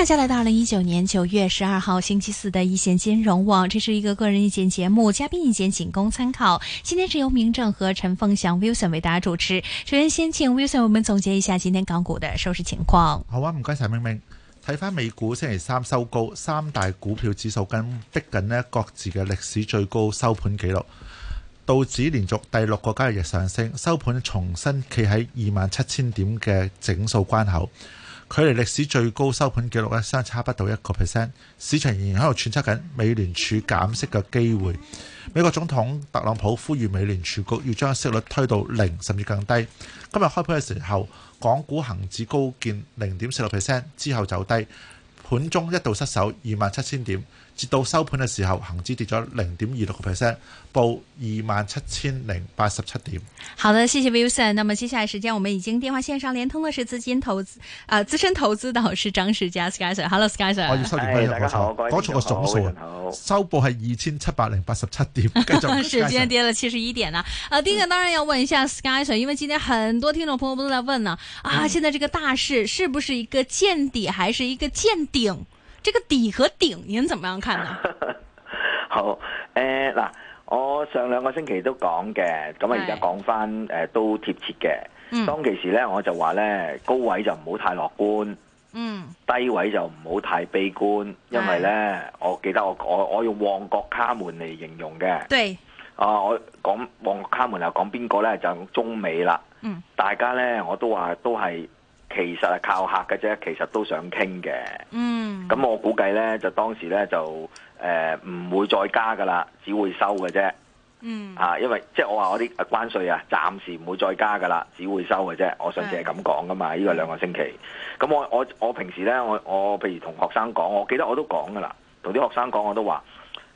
大家來到二零一九年九月十二號星期四的一線金融網，這是一個個人意見節目，嘉賓意見僅供參考。今天是由名正和陳鳳翔 Wilson 為大家主持。首先，先請 Wilson 為我們總結一下今天港股的收市情況。好啊，唔該晒，明明。睇翻美股星期三收高，三大股票指數跟逼緊呢各自嘅歷史最高收盤紀錄，道指連續第六個交易日上升，收盤重新企喺二萬七千點嘅整數關口。距離歷史最高收盤記錄咧，相差不到一個 percent，市場仍然喺度揣測緊美聯儲減息嘅機會。美國總統特朗普呼籲美聯儲局要將息率推到零甚至更低。今日開盤嘅時候，港股恒指高見零點四六 percent，之後走低，盤中一度失守二萬七千點。至到收盤嘅時候，恒指跌咗零點二六個 percent，報二萬七千零八十七點。好的，謝謝 Wilson。那麼接下來時間，我們已經電話線上連通嘅是資金投資啊，資、呃、深投資導師張士佳 Skysir。Hello，Skysir。Hello，我要收線，大家好，各位好。各位好。收報係二千七百零八十七點，繼續。 時間跌了七十一點啦。啊、呃，第一個當然要問一下 Skysir、嗯、因為今天很多聽眾朋友都在問呢，啊，現在這個大市是不是一個見底，還是一個見頂？這個底和頂，您怎麼樣看呢？ 好誒，嗱、呃，我上兩個星期都講嘅，咁啊而家講翻誒、呃、都貼切嘅。嗯、當其時咧，我就話咧，高位就唔好太樂觀，嗯，低位就唔好太悲觀，因為咧，哎、我記得我我我用旺角卡門嚟形容嘅，對，啊、呃，我講旺角卡門又講邊個咧，就中美啦，嗯，大家咧我都話都係。都其實係靠客嘅啫，其實都想傾嘅。嗯，咁我估計呢，就當時呢，就誒唔會再加噶啦，只會收嘅啫。嗯，啊，因為即係我話我啲關稅啊，暫時唔會再加噶啦，只會收嘅啫。我上次係咁講噶嘛，呢個兩個星期。咁我我我平時呢，我我譬如同學生講，我記得我都講噶啦，同啲學生講我都話，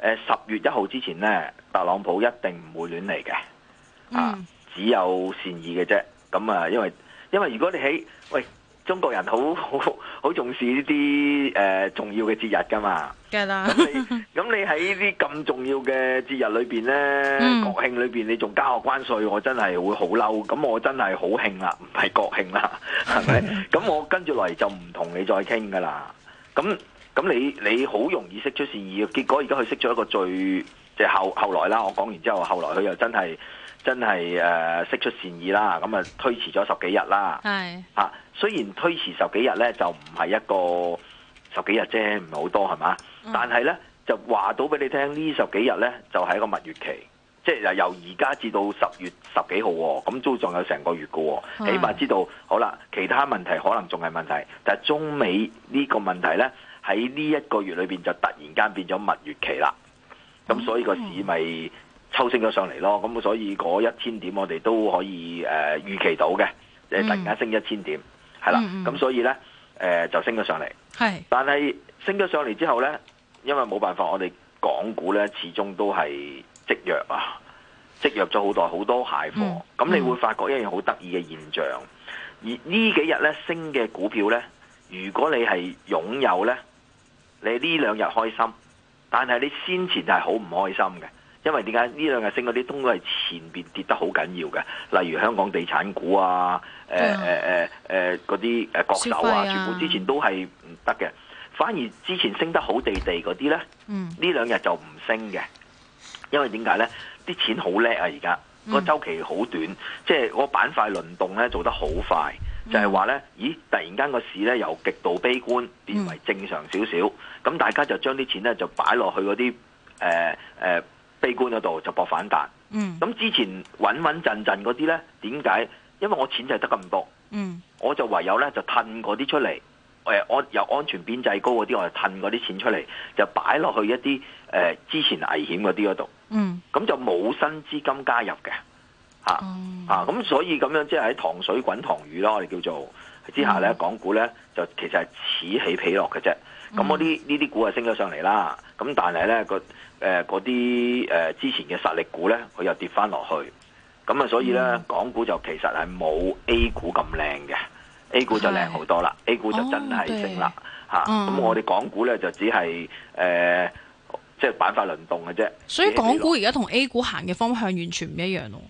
十月一號之前呢，特朗普一定唔會亂嚟嘅。啊、嗯。只有善意嘅啫。咁、嗯、啊，因為。因為如果你喺喂中國人好好好重視呢啲誒重要嘅節日噶嘛，梗啦。咁你喺呢啲咁重要嘅節日裏邊咧，國慶裏邊你仲加我關稅，我真係會好嬲。咁我真係好慶啦，唔係國慶啦，係咪？咁我跟住落嚟就唔同你再傾噶啦。咁咁你你好容易識出善意，結果而家佢識咗一個最即係後後來啦。我講完之後，後來佢又真係。真係誒釋出善意啦，咁啊推遲咗十幾日啦。係嚇是、啊，雖然推遲十幾日咧，就唔係一個十幾日啫，唔係好多係嘛？嗯、但係咧就話到俾你聽，呢十幾日咧就係、是、一個蜜月期，即、就、係、是、由而家至到十月十幾號、哦，咁都仲有成個月嘅、哦，起碼知道是好啦。其他問題可能仲係問題，但係中美呢個問題咧喺呢一個月裏邊就突然間變咗蜜月期啦。咁所以個市咪、嗯？嗯抽升咗上嚟咯，咁所以嗰一千點我哋都可以誒、呃、預期到嘅，誒突然間升一千點，係、嗯、啦，咁、嗯、所以呢，誒、呃、就升咗上嚟。係是，但係升咗上嚟之後呢，因為冇辦法，我哋港股呢，始終都係積弱啊，積弱咗好多好多蟹貨。咁、嗯、你會發覺一樣好得意嘅現象，而呢幾日呢，升嘅股票呢，如果你係擁有呢，你呢兩日開心，但係你先前係好唔開心嘅。因為點解呢兩日升嗰啲，都係前邊跌得好緊要嘅。例如香港地產股啊，誒誒誒誒嗰啲誒國壽啊，啊全部之前都係唔得嘅。反而之前升得好地地嗰啲咧，呢兩、mm. 日就唔升嘅。因為點解咧？啲錢好叻啊！而家個周期好短，即係個板塊輪動咧做得好快，mm. 就係話咧，咦？突然間個市咧由極度悲觀變為正常少少，咁、mm. 嗯、大家就將啲錢咧就擺落去嗰啲誒誒。呃呃悲觀嗰度就搏反彈，咁、嗯、之前穩穩陣陣嗰啲咧，點解？因為我錢就係得咁多，嗯、我就唯有咧就褪嗰啲出嚟，誒、哎，我由安全邊際高嗰啲，我就褪嗰啲錢出嚟，就擺落去一啲誒、呃、之前危險嗰啲嗰度，咁、嗯、就冇新資金加入嘅，吓，啊，咁、嗯啊、所以咁樣即係喺塘水滾塘魚咯，我哋叫做。之下咧，港股咧就其實係此起彼落嘅啫。咁嗰啲呢啲股啊，升咗上嚟啦。咁但係咧，個誒嗰啲誒之前嘅實力股咧，佢又跌翻落去。咁啊，所以咧，港股就其實係冇 A 股咁靚嘅，A 股就靚好多啦是，A 股就真係升啦吓。咁我哋港股咧就只係誒即係板塊輪動嘅啫。所以港股而家同 A 股行嘅方向完全唔一樣咯。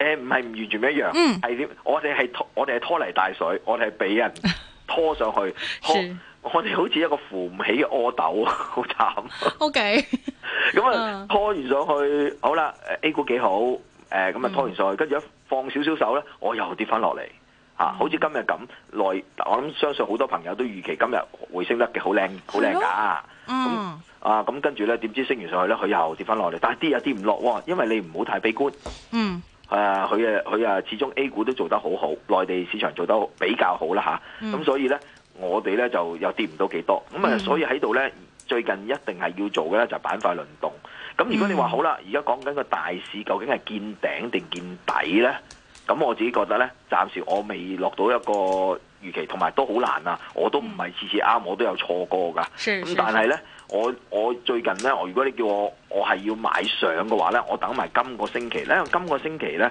誒唔係唔完全一樣，係點、嗯？我哋係拖，我哋係拖泥帶水，我哋係俾人拖上去。 我哋好似一個扶唔起嘅阿斗，好 慘。O K，咁啊拖完上去，嗯、好啦，A 股幾好？誒咁啊拖完上去，跟住一放少少手咧，我又跌翻落嚟啊！好似今日咁，內我諗相信好多朋友都預期今日會升得嘅，好靚好靚㗎。啊咁跟住咧，點知升完上去咧，佢又跌翻落嚟。但係跌又跌唔落喎，因為你唔好太悲觀。嗯。誒佢誒佢啊，始終 A 股都做得好好，內地市場做得比較好啦嚇。咁所以咧，我哋咧就又跌唔到幾多。咁啊，所以喺度咧，最近一定係要做嘅咧就係板塊輪動。咁如果你話、嗯、好啦，而家講緊個大市究竟係見頂定見底咧？咁我自己覺得咧，暫時我未落到一個。預期同埋都好難啊！我都唔係次次啱，我都有錯過㗎。咁、嗯、但係呢，嗯、我我最近呢，我如果你叫我我係要買相嘅話呢，我等埋今個星期呢，因為今個星期呢，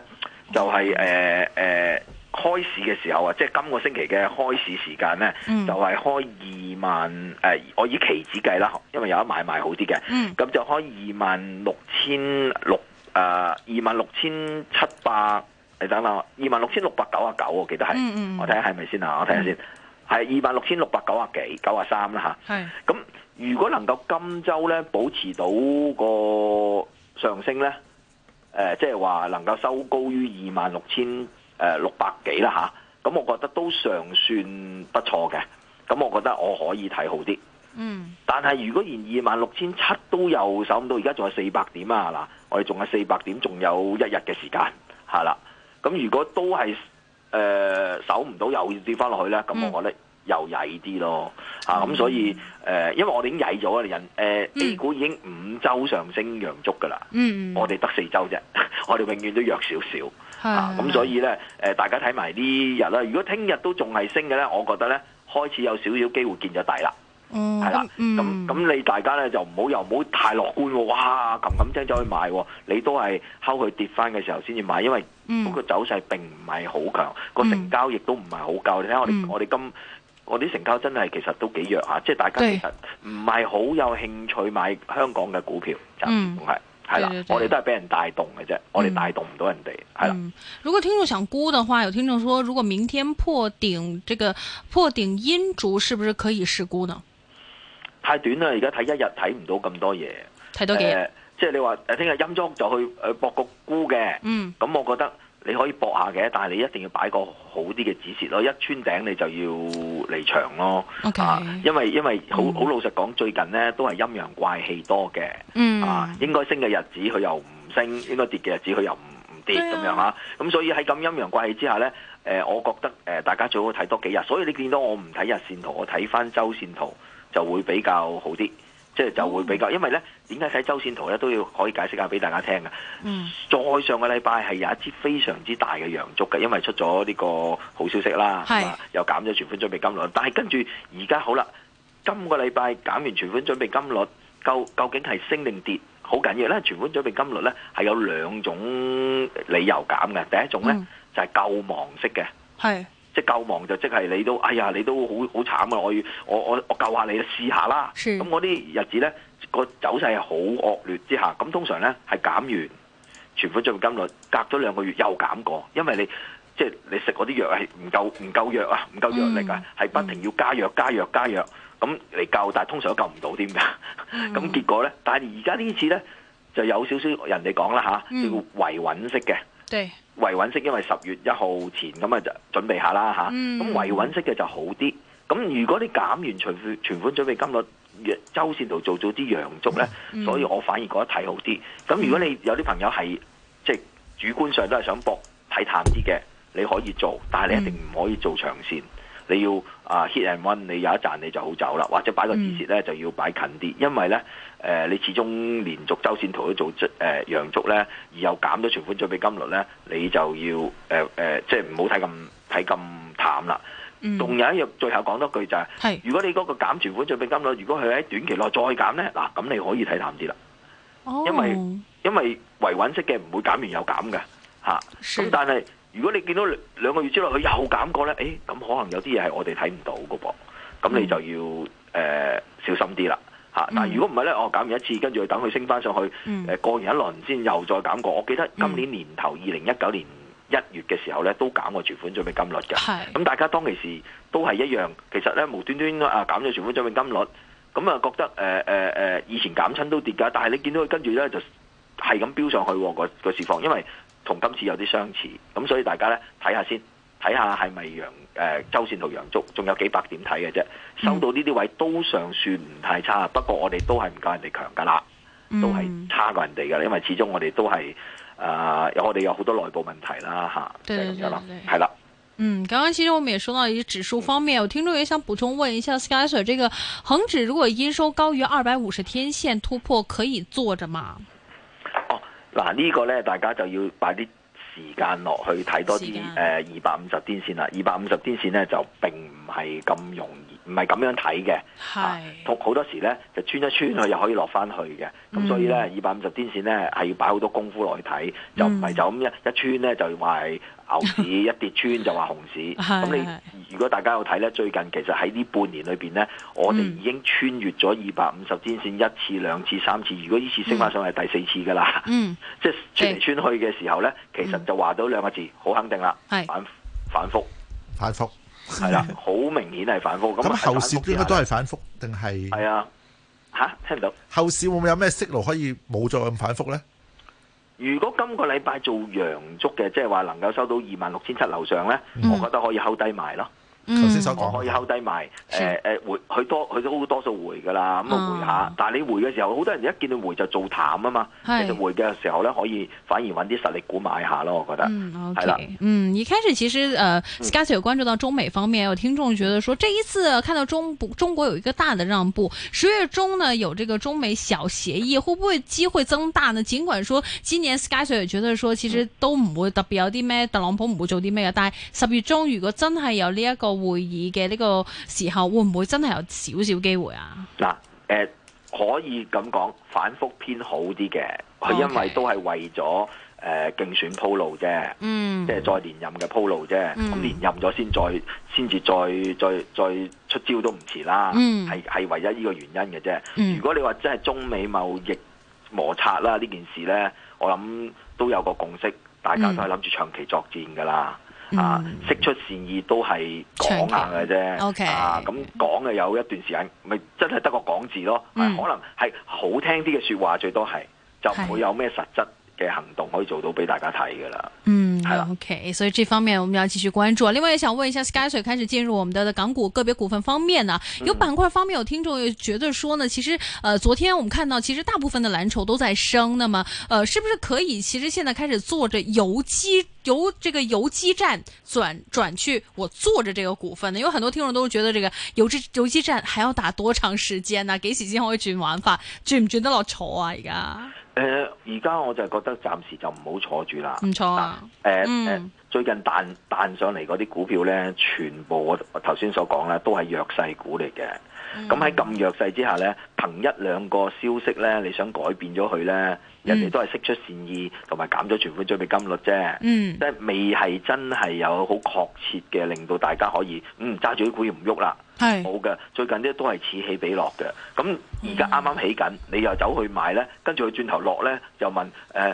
就係誒誒開市嘅時候啊，即係今個星期嘅開市時間呢，嗯、就係開二萬誒，我以期指計啦，因為有得買賣好啲嘅。咁、嗯、就開二萬六千六誒，二萬六千七百。你等等，二萬六千六百九啊九，我記得係、嗯嗯，我睇下係咪先 26, 93, 啊，我睇下先，係二萬六千六百九啊幾九啊三啦吓。咁如果能夠今周咧保持到個上升咧，誒、呃，即係話能夠收高於二萬六千誒六百幾啦吓，咁、啊、我覺得都尚算不錯嘅，咁我覺得我可以睇好啲。嗯，但係如果連二萬六千七都有守唔到，而家仲有四百點啊嗱，我哋仲有四百點，仲有一日嘅時間，係、啊、啦。咁如果都係誒、呃、守唔到又跌翻落去咧，咁我覺得又曳啲咯嚇，咁、嗯啊、所以誒、呃，因為我哋已經曳咗啊，人誒、呃嗯、A 股已經五周上升陽燭噶啦，嗯、我哋得四周啫， 我哋永遠都弱少少嚇，咁的、啊、所以咧誒、呃，大家睇埋呢日啦，如果聽日都仲係升嘅咧，我覺得咧開始有少少機會見咗底啦。係啦，咁咁你大家咧就唔好又唔好太樂觀喎，哇冚冚聲走去買，你都係後佢跌返嘅時候先至買，因為嗰個走勢並唔係好強，個成交亦都唔係好夠。你睇我哋我哋今我啲成交真係其實都幾弱吓，即係大家其實唔係好有興趣買香港嘅股票，就唔係，係啦，我哋都係俾人帶動嘅啫，我哋帶動唔到人哋。係啦，如果聽眾想沽嘅話，有聽眾說如果明天破頂，這個破頂陰燭是不是可以試沽呢？太短啦！而家睇一日睇唔到咁多嘢，睇多幾，即係你話誒，聽日陰燭，就去誒搏個沽嘅。嗯，咁我覺得你可以搏下嘅，但係你一定要擺個好啲嘅指示咯，一穿頂你就要離場咯。OK、啊、因為因為好好、嗯、老實講，最近咧都係陰陽怪氣多嘅。嗯，啊，嗯、應該升嘅日子佢又唔升，應該跌嘅日子佢又唔唔跌咁、嗯、樣啊。咁所以喺咁陰陽怪氣之下咧，誒、呃，我覺得誒，大家最好睇多幾日。所以你見到我唔睇日線圖，我睇翻周線圖。就會比較好啲，即係就會比較，因為呢點解睇周線圖呢都要可以解釋下俾大家聽嘅。嗯，在上個禮拜係有一支非常之大嘅陽燭嘅，因為出咗呢個好消息啦，係嘛，又減咗存款準備金率。但係跟住而家好啦，今個禮拜減完存款準備金率，究究竟係升定跌？好緊要啦！存款準備金率呢係有兩種理由減嘅，第一種呢就係救亡式嘅，係。救亡就即係你都，哎呀，你都好好慘啊！我我我我救下你試下啦。咁我啲日子咧，個走勢係好惡劣，之下。咁通常咧係減完存款準備金率，隔咗兩個月又減過，因為你即係、就是、你食嗰啲藥係唔夠唔夠,夠藥啊，唔夠藥力啊，係、嗯、不停要加藥加藥加藥咁嚟救，但係通常都救唔到添㗎。咁、嗯、 結果咧，但係而家呢次咧就有少少,少人哋講啦吓，啊、叫維穩式嘅。維穩式，對因為十月一號前咁啊，就準備下啦嚇。咁、嗯嗯、維穩式嘅就好啲。咁如果你減完存款存款準備金率，週線度做咗啲陽燭呢，嗯、所以我反而覺得睇好啲。咁如果你有啲朋友係即係主觀上都係想搏睇淡啲嘅，你可以做，但係你一定唔可以做長線。嗯嗯你要啊 hit and run，你有一站你就好走啦，或者擺個止蝕咧就要擺近啲，嗯、因為咧誒、呃、你始終連續周線圖都做出誒陽燭咧，而又減咗存款準備金率咧，你就要誒誒、呃呃、即係唔好睇咁睇咁淡啦。仲、嗯、有一樣，最後講多句就係、是，是如果你嗰個減存款準備金率，如果佢喺短期內再減咧，嗱咁你可以睇淡啲啦。哦、因為因為維穩式嘅唔會減完又減嘅嚇。咁、啊、但係。如果你見到兩兩個月之內佢又減過咧，誒咁可能有啲嘢係我哋睇唔到嘅噃，咁你就要誒小心啲啦嚇。但係如果唔係咧，我減完一次，跟住等佢升翻上去，誒過完一輪先又再減過。我記得今年年頭二零一九年一月嘅時候咧，都減過存款準備金率嘅。咁大家當其時都係一樣，其實咧無端端啊減咗存款準備金率，咁啊覺得誒誒誒以前減親都跌㗎，但係你見到佢跟住咧就係咁飆上去個個市況，因為，同今次有啲相似，咁、嗯、所以大家呢睇下先，睇下係咪陽，誒周線同陽燭，仲有幾百點睇嘅啫。收到呢啲位都尚算唔太差，嗯、不過我哋都係唔夠人哋強噶啦，都係差過人哋噶，因為始終我哋都係誒，呃、有我哋有好多內部問題啦吓，係啦，嗯，剛剛了其實我們也說到一指數方面，我聽眾也想補充問一下 SkySir，這個恒指如果陰收高於二百五十天線突破，可以坐着嗎？嗱呢個咧，大家就要擺啲時間落去睇多啲誒二百五十天線啦。二百五十天線咧就並唔係咁容易，唔係咁樣睇嘅。係是，好、啊、多時咧就穿一穿佢又可以落翻去嘅。咁、嗯、所以咧二百五十天線咧係要擺好多功夫落去睇，就唔係就咁一一穿咧就話係。 牛市一跌穿就話熊市，咁 你如果大家有睇呢，最近其實喺呢半年裏邊呢，我哋已經穿越咗二百五十天線一次、兩次、三次，如果呢次升翻上係第四次㗎喇。 即係穿嚟穿去嘅時候呢，其實就話到兩個字，好肯定啦，是反反覆反覆，係啦， 好明顯係反覆。咁後市應該都係反覆定係？係 啊，吓？聽唔到？後市會唔會有咩息路可以冇再咁反覆呢？如果今個禮拜做陽燭嘅，即係話能夠收到二萬六千七樓上咧， 我覺得可以厚低賣咯。頭先、嗯、所講，嗯、可以敲低埋，誒誒回佢多佢都多，多，多數回噶啦，咁啊回下。啊、但係你回嘅時候，好多人一見到回就做淡啊嘛，其是就回嘅時候咧，可以反而揾啲實力股買下咯，我覺得係、嗯 okay，啦。嗯，一開始其實誒，Skysir 有關注到中美方面，有、嗯、聽眾覺得說，這一次、啊、看到中中國有一個大嘅讓步，十月中呢有這個中美小協議，會不會機會增大呢？儘管說今年 Skysir a 嚟得咧，其實都唔會特別有啲咩，特朗普唔會做啲咩嘅。但係十月中如果真係有呢、這、一個，會議嘅呢個時候會唔會真係有少少機會啊？嗱，誒，可以咁講，反覆偏好啲嘅，佢 Okay. 因為都係為咗誒競選鋪路啫，嗯，即係再連任嘅鋪路啫。咁、嗯、連任咗先再，先至再再再，再出招都唔遲啦。係係唯一呢個原因嘅啫。嗯、如果你話真係中美貿易摩擦啦呢件事咧，我諗都有個共識，大家都係諗住長期作戰噶啦。嗯啊，釋出善意都係講下嘅啫，okay，啊，咁講嘅有一段時間咪真係得個講字咯，啊、嗯，可能係好聽啲嘅說話，最多係就唔會有咩實質。嘅行動可以做到俾大家睇噶啦，嗯，係啦吧，OK，所以這方面我們要繼續關注。另外，也想問一下 Skysir 開始進入我們的港股個別股份方面呢、啊？有板塊方面有聽眾覺得說呢，嗯、其實，呃，昨天我們看到其實大部分的藍籌都在升，那麼，呃，是不是可以其實現在開始做着游擊，由這個游擊戰轉轉去我坐着這個股份呢？有很多聽眾都是覺得這個游擊游擊戰還要打多長時間呢、啊？幾時先可以轉玩法？轉唔轉得落坐啊？而家？誒，而家我就係覺得暫時就唔好坐住啦。唔錯啊，誒但。誒、嗯。嗯最近彈彈上嚟嗰啲股票咧，全部我頭先所講咧，都係、嗯、弱勢股嚟嘅。咁喺咁弱勢之下咧，憑一兩個消息咧，你想改變咗佢咧，人哋都係釋出善意同埋減咗存款準備金率啫，即係、嗯、未係真係有好確切嘅令到大家可以嗯揸住啲股要唔喐啦。冇嘅是，最近咧都係此起彼落嘅。咁而家啱啱起緊，你又走去買咧，跟住佢轉頭落咧，又問誒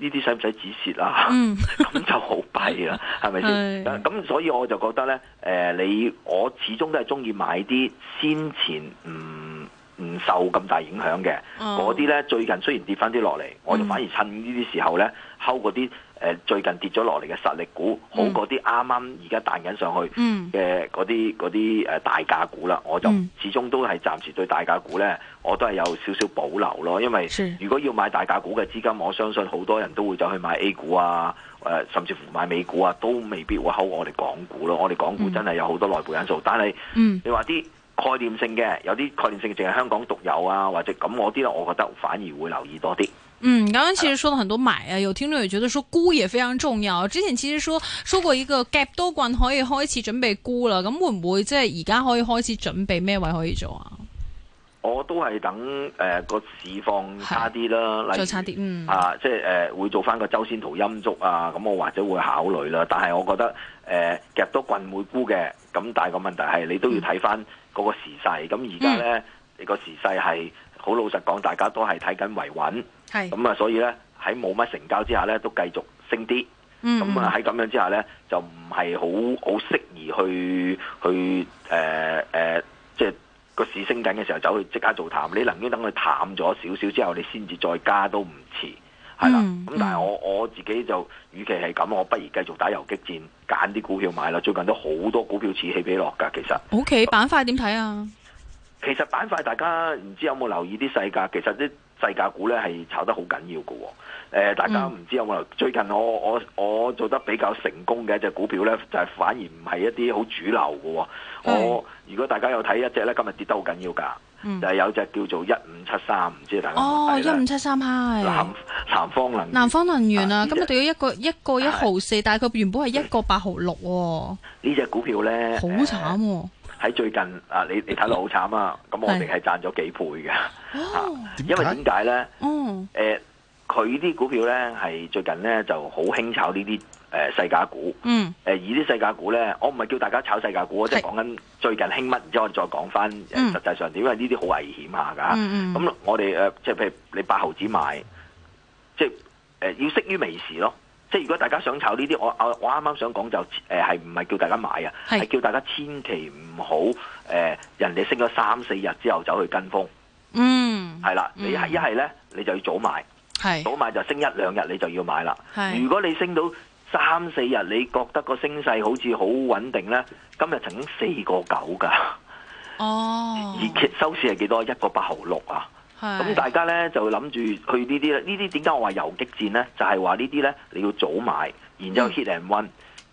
呢啲使唔使止蝕啊？咁 就好弊啦，係咪先？咁 所以我就覺得咧，誒、呃，你我始終都係中意買啲先前唔。嗯唔受咁大影響嘅，嗰啲、oh. 呢，最近雖然跌翻啲落嚟，我就反而趁呢啲時候呢，睺嗰啲誒最近跌咗落嚟嘅實力股，mm. 好過啲啱啱而家彈緊上去嘅嗰啲啲誒大價股啦。我就始終都係暫時對大價股呢，我都係有少少保留咯。因為如果要買大價股嘅資金，我相信好多人都會走去買 A 股啊，誒、呃、甚至乎買美股啊，都未必會睺我哋港股咯。我哋港股真係有好多內部因素，但係、mm. 你話啲。概念性嘅，有啲概念性淨係香港獨有啊，或者咁我啲咧，我覺得反而會留意多啲。嗯，剛剛其實說咗很多買啊，有 聽眾也覺得說沽也非常重要。之前其實說說過一個 gap 多棍可以開始準備沽啦，咁會唔會即係而家可以開始準備咩位可以做啊？我都係等誒個、呃、市況差啲啦，是如差啲，嗯、啊，即係誒、呃、會做翻個周線圖陰燭啊，咁我或者會考慮啦。但係我覺得誒、呃、夾多棍會沽嘅。咁但係個問題係你都要睇翻嗰個時勢。咁而家咧個時勢係好老實講，大家都係睇緊維穩。係咁啊，所以咧喺冇乜成交之下咧，都繼續升啲。嗯，嗯，咁啊喺咁樣之下咧，就唔係好好適宜去去誒誒、呃呃呃、即係。個市升緊嘅時候，走去即刻做淡，你寧願等佢淡咗少少之後，你先至再加都唔遲，係啦。咁、嗯嗯、但係我我自己就，與其係咁，我不如繼續打游擊戰，揀啲股票買啦。最近都好多股票似起比落噶，其實。O K，板塊點睇啊？其有有？其實板塊大家唔知有冇留意啲細價，其實啲。世界股咧係炒得好緊要嘅、哦，誒、呃、大家唔知有冇最近我我我做得比較成功嘅一隻股票咧，就係、是、反而唔係一啲好主流嘅、哦。我是、呃、如果大家有睇一隻咧，今日跌得好緊要㗎，嗯、就係有隻叫做一五七三，唔知大家有冇哦一五七三係南南方能源南方能源啊，今日掉咗一個、啊、一個一毫四，但係佢原本係一個八毫六喎。呢隻股票咧好慘喎。喺最近啊，你你睇到好慘啊，咁我哋係賺咗幾倍嘅、哦、因為點解咧？嗯，誒佢啲股票咧係最近咧就好興炒呢啲誒細價股，嗯，誒而啲細價股咧，我唔係叫大家炒細價股，即係講緊最近興乜，然之後我哋再講翻、嗯、實際上點解呢啲好危險下㗎、啊嗯，嗯咁、嗯、我哋誒即係譬如你八毫子買，即係誒要適於微時咯。即係如果大家想炒呢啲，我我我啱啱想講就誒係唔係叫大家買啊？係是叫大家千祈唔好誒，人哋升咗三四日之後走去跟風。嗯，係啦，你係一係咧，你就要早買。是早買就升一兩日，你就要買啦。是如果你升到三四日，你覺得個升勢好似好穩定咧，今日曾經四個九㗎。 哦，而收市係幾多？一個八毫六啊！咁、嗯、大家咧就諗住去呢啲咧，呢啲點解我話遊擊戰咧？就係、是、話呢啲咧，你要早買，然之後 hit and run，、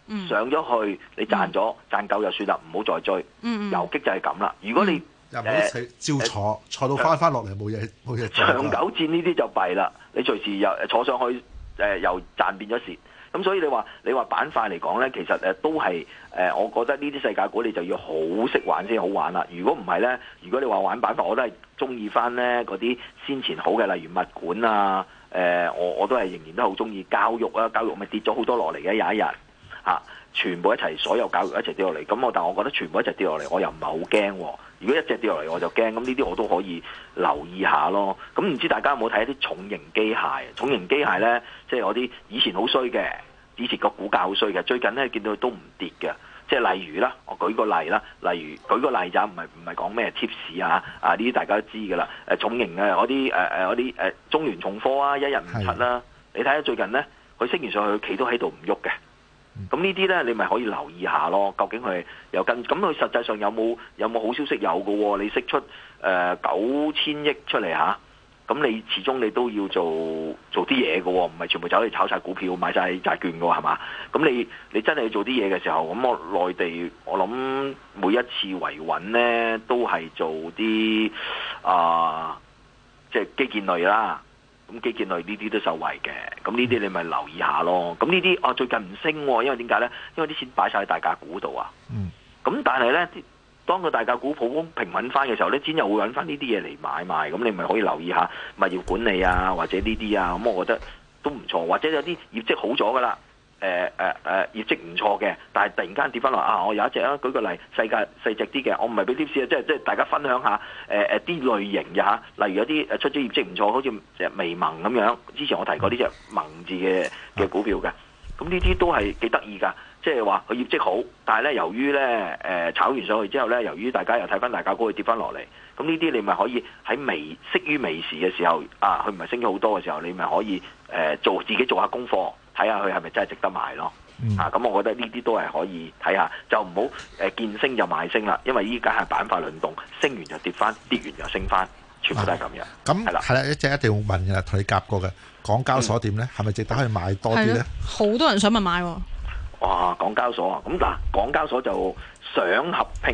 嗯、上咗去你賺咗、嗯、賺夠就算啦，唔好再追。遊、嗯、擊就係咁啦。如果你入唔好死照坐，坐到翻翻落嚟冇嘢冇嘢做。長久戰呢啲就弊啦，你隨時又坐上去誒，由、呃、賺變咗蝕。咁、嗯、所以你話，你話板塊嚟講呢，其實誒、呃、都係誒、呃，我覺得呢啲世界股你就要好識玩先好玩啦、啊。如果唔係呢，如果你話玩板塊，我都係中意翻呢嗰啲先前好嘅，例如物管啊，誒、呃，我我都係仍然都好中意教育啊，教育咪跌咗好多落嚟嘅，有一日嚇。啊全部一齊，所有教育一齊跌落嚟。咁我但係，我覺得全部一齊跌落嚟，我又唔係好驚。如果一隻跌落嚟，我就驚。咁呢啲我都可以留意下咯。咁唔知大家有冇睇一啲重型機械？重型機械呢，即係嗰啲以前好衰嘅，以前個股價好衰嘅，最近呢，見到都唔跌嘅。即係例如啦，我舉個例啦，例如舉個例就唔係唔係講咩 tips 啊啊！呢啲大家都知㗎啦。重型嘅嗰啲誒誒啲誒中聯重科啊，一日唔出啦。你睇下最近呢，佢升完上去企都喺度唔喐嘅。咁呢啲呢，你咪可以留意下咯。究竟佢有跟？咁佢實際上有冇有冇好消息？有嘅喎，你釋出誒九千億出嚟吓，咁你始終你都要做做啲嘢嘅喎，唔係全部走去炒晒股票、買晒債券嘅喎，係嘛？咁你你真係做啲嘢嘅時候，咁我內地我諗每一次維穩呢，都係做啲啊，即係基建類啦。咁基建類呢啲都受惠嘅，咁呢啲你咪留意下咯。咁呢啲啊最近唔升啊，因為點解呢？因為啲錢擺晒喺大價股度啊。嗯。咁但係呢，當個大價股普平穩翻嘅時候呢，先又會揾翻呢啲嘢嚟買賣。咁你咪可以留意下物業管理啊，或者呢啲啊。咁我覺得都唔錯，或者有啲業績好咗噶啦。誒誒誒，業績唔錯嘅，但係突然間跌翻落啊！我有一隻啊，舉個例，細價細隻啲嘅，我唔係俾啲 i p 啊，即係即係大家分享下，誒誒啲類型嘅吓，例如有啲誒出咗業績唔錯，好似微盟咁樣，之前我提過呢隻盟字嘅嘅股票嘅，咁呢啲都係幾得意噶，即係話佢業績好，但係咧由於咧誒炒完上去之後咧，由於大家又睇翻大價股，跌翻落嚟，咁呢啲你咪可以喺微，適於微時嘅時候啊，佢唔係升咗好多嘅時候，你咪可以誒做、呃、自己做下功課。睇下佢係咪真係值得買咯，嗯、啊咁，我覺得呢啲都係可以睇下，就唔好誒見升就買升啦，因為依家係板塊輪動，升完就跌翻，跌完又升翻，全部都係咁樣。咁係啦，係、啊、啦了，一隻一定要問嘅，同你夾過嘅港交所點咧，係咪、嗯、值得可以買多啲咧、嗯？好多人想問買喎、啊！哇，港交所啊，咁、嗯、嗱，港交所就想合併誒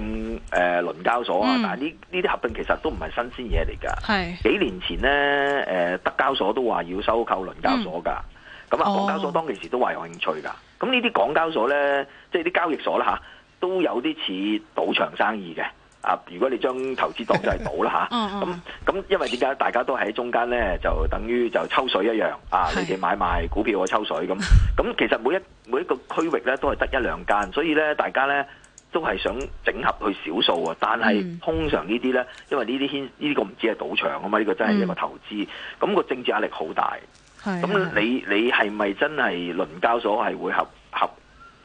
倫、呃、交所啊，但呢呢啲合併其實都唔係新鮮嘢嚟㗎。係的幾年前咧，誒、呃，德交所都話要收購倫交所㗎。嗯。咁啊，港交所當其時都話有興趣噶。咁呢啲港交所呢，即係啲交易所啦，吓都有啲似賭場生意嘅。啊，如果你將投資當咗係賭啦，吓咁咁，因為點解大家都喺中間呢？就等於就抽水一樣 啊。你哋買賣股票我抽水咁。咁其實每一每一個區域呢，都係得一兩間，所以呢，大家呢都係想整合去少數啊。但係通常呢啲呢，因為呢啲牽呢個唔只係賭場啊嘛，呢個真係一個投資。咁 個政治壓力好大。咁、嗯、你你係咪真係倫交所係會合合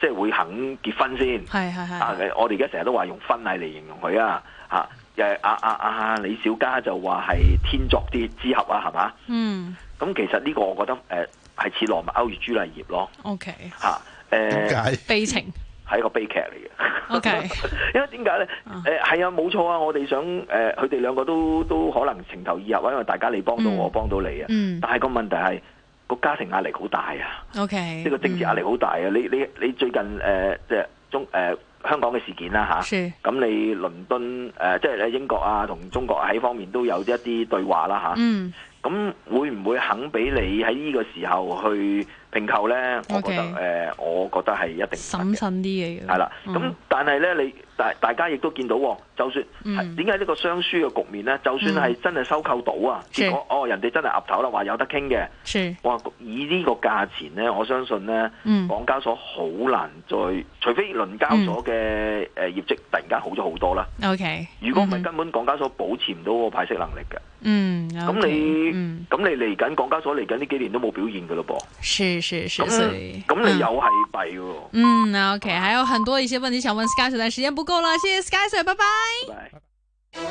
即係會肯結婚先？係係係啊！我哋而家成日都話用婚禮嚟形容佢啊！又、啊、誒，阿阿阿李小加就話係天作啲之合啊，係嘛？嗯，咁其實呢個我覺得誒係似羅密歐與朱麗葉咯。O K，吓誒，悲情係一個悲劇嚟嘅。O Okay . K， 因為點解咧？誒，係啊，冇錯啊，我哋想誒，佢哋兩個都都可能情投意合啊，因為大家你幫到我，幫、嗯、到你啊。嗯。但係個問題係個家庭壓力好大啊。O K。即係個政治壓力好大啊！嗯、你你你最近誒、呃呃啊是呃，即係中誒香港嘅事件啦吓。咁你倫敦誒，即係喺英國啊，同中國喺、啊、方面都有一啲對話啦吓。啊、嗯。咁會唔會肯俾你喺呢個時候去併購咧 Okay.、呃？我覺得誒，我覺得係一定審慎啲嘅。係啦了，咁、嗯、但係咧你。大大家亦都見到，就算點解呢個雙輸嘅局面呢？就算係真係收購到啊，結果哦人哋真係岌頭啦，話有得傾嘅，哇！以呢個價錢呢，我相信呢，港交所好難再，除非倫交所嘅誒業績突然間好咗好多啦。OK，如果唔係根本港交所保持唔到個派息能力嘅。咁你咁你嚟緊港交所嚟緊呢幾年都冇表現嘅咯噃。咁你又係弊喎。嗯，OK，還有很多一些問題想問，但係時夠了，謝謝 Skysir，拜拜。